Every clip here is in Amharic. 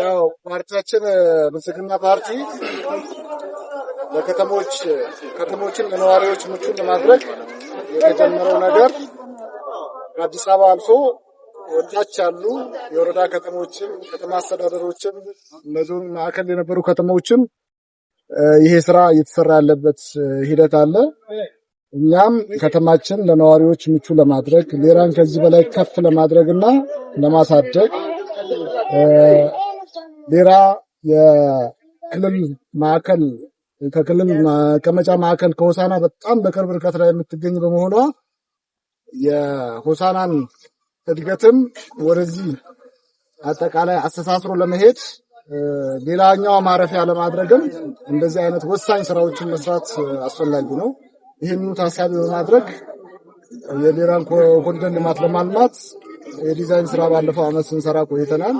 ያው ፓርቲያችን ብልጽግና ፓርቲ ለከተሞች ከተሞችን ለነዋሪዎች ምቹ ለማድረግ የተጀመረው ነገር ከአዲስ አበባ አልፎ ወታች ያሉ የወረዳ ከተሞችን፣ ከተማ አስተዳደሮችን፣ እነዚሁን ማዕከል የነበሩ ከተሞችን ይሄ ስራ እየተሰራ ያለበት ሂደት አለ። እኛም ከተማችን ለነዋሪዎች ምቹ ለማድረግ ሌላን ከዚህ በላይ ከፍ ለማድረግ እና ለማሳደግ ሌላ የክልል ማዕከል ከክልል መቀመጫ ማዕከል ከሆሳና በጣም በቅርብ ርቀት ላይ የምትገኝ በመሆኗ የሆሳናን እድገትም ወደዚህ አጠቃላይ አስተሳስሮ ለመሄድ ሌላኛዋ ማረፊያ ለማድረግም እንደዚህ አይነት ወሳኝ ስራዎችን መስራት አስፈላጊ ነው። ይህንኑ ታሳቢ በማድረግ የሌላን ኮሪደር ልማት ለማልማት የዲዛይን ስራ ባለፈው አመት ስንሰራ ቆይተናል።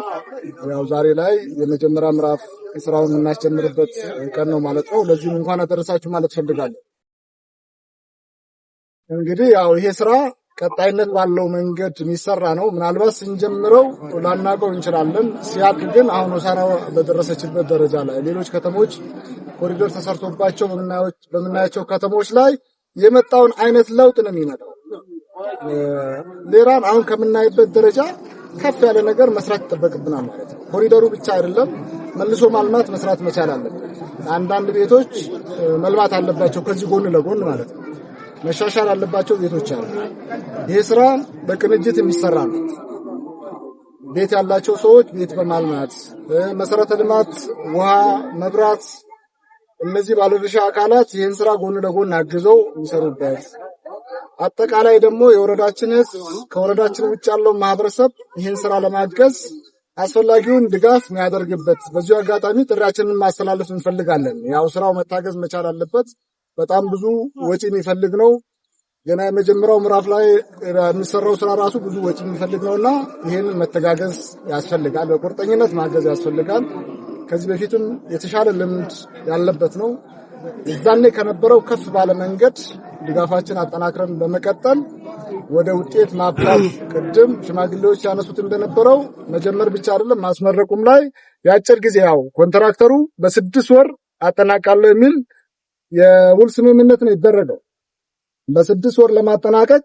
ያው ዛሬ ላይ የመጀመሪያ ምዕራፍ ስራውን የምናስጀምርበት ቀን ነው ማለት ነው። ለዚህም እንኳን አደረሳችሁ ማለት ፈልጋለሁ። እንግዲህ ያው ይሄ ስራ ቀጣይነት ባለው መንገድ የሚሰራ ነው። ምናልባት ስንጀምረው ላናቀው እንችላለን። ሲያልቅ ግን አሁን ሆሳዕና በደረሰችበት ደረጃ ላይ ሌሎች ከተሞች ኮሪዶር ተሰርቶባቸው በምናያቸው ከተሞች ላይ የመጣውን አይነት ለውጥ ነው የሚመጣው። ሌላን አሁን ከምናይበት ደረጃ ከፍ ያለ ነገር መስራት ይጠበቅብናል ማለት ነው። ኮሪደሩ ብቻ አይደለም መልሶ ማልማት መስራት መቻል አለብን። አንዳንድ ቤቶች መልማት አለባቸው ከዚህ ጎን ለጎን ማለት ነው። መሻሻል አለባቸው ቤቶች አሉ። ይህ ስራ በቅንጅት የሚሰራ ነው። ቤት ያላቸው ሰዎች ቤት በማልማት መሰረተ ልማት፣ ውሃ፣ መብራት እነዚህ ባለድርሻ አካላት ይህን ስራ ጎን ለጎን አግዘው የሚሰሩበት አጠቃላይ ደግሞ የወረዳችን ህዝብ ከወረዳችን ውጭ ያለው ማህበረሰብ ይህን ስራ ለማገዝ አስፈላጊውን ድጋፍ የሚያደርግበት በዚሁ አጋጣሚ ጥሪያችንን ማስተላለፍ እንፈልጋለን። ያው ስራው መታገዝ መቻል አለበት። በጣም ብዙ ወጪ የሚፈልግ ነው። ገና የመጀመሪያው ምዕራፍ ላይ የሚሰራው ስራ ራሱ ብዙ ወጪ የሚፈልግ እና ይህን መተጋገዝ ያስፈልጋል። በቁርጠኝነት ማገዝ ያስፈልጋል። ከዚህ በፊትም የተሻለ ልምድ ያለበት ነው። የዛኔ ከነበረው ከፍ ባለ መንገድ ድጋፋችን አጠናክረን በመቀጠል ወደ ውጤት ማብቃት ቅድም ሽማግሌዎች ያነሱት እንደነበረው መጀመር ብቻ አይደለም፣ ማስመረቁም ላይ የአጭር ጊዜ ያው ኮንትራክተሩ በስድስት ወር አጠናቃለሁ የሚል የውል ስምምነት ነው የተደረገው። በስድስት ወር ለማጠናቀቅ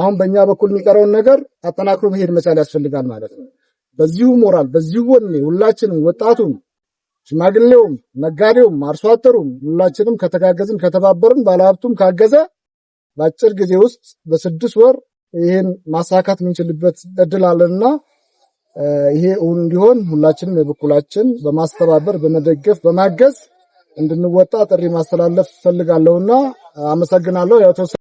አሁን በእኛ በኩል የሚቀረውን ነገር አጠናክሮ መሄድ መቻል ያስፈልጋል ማለት ነው። በዚሁ ሞራል፣ በዚሁ ወኔ ሁላችንም ወጣቱም ሽማግሌውም፣ ነጋዴውም፣ አርሶ አደሩም ሁላችንም ከተጋገዝን ከተባበርን፣ ባለሀብቱም ካገዘ በአጭር ጊዜ ውስጥ በስድስት ወር ይህን ማሳካት የምንችልበት እድል አለንና ይሄ እውን እንዲሆን ሁላችንም የበኩላችን በማስተባበር በመደገፍ በማገዝ እንድንወጣ ጥሪ ማስተላለፍ ፈልጋለሁና አመሰግናለሁ።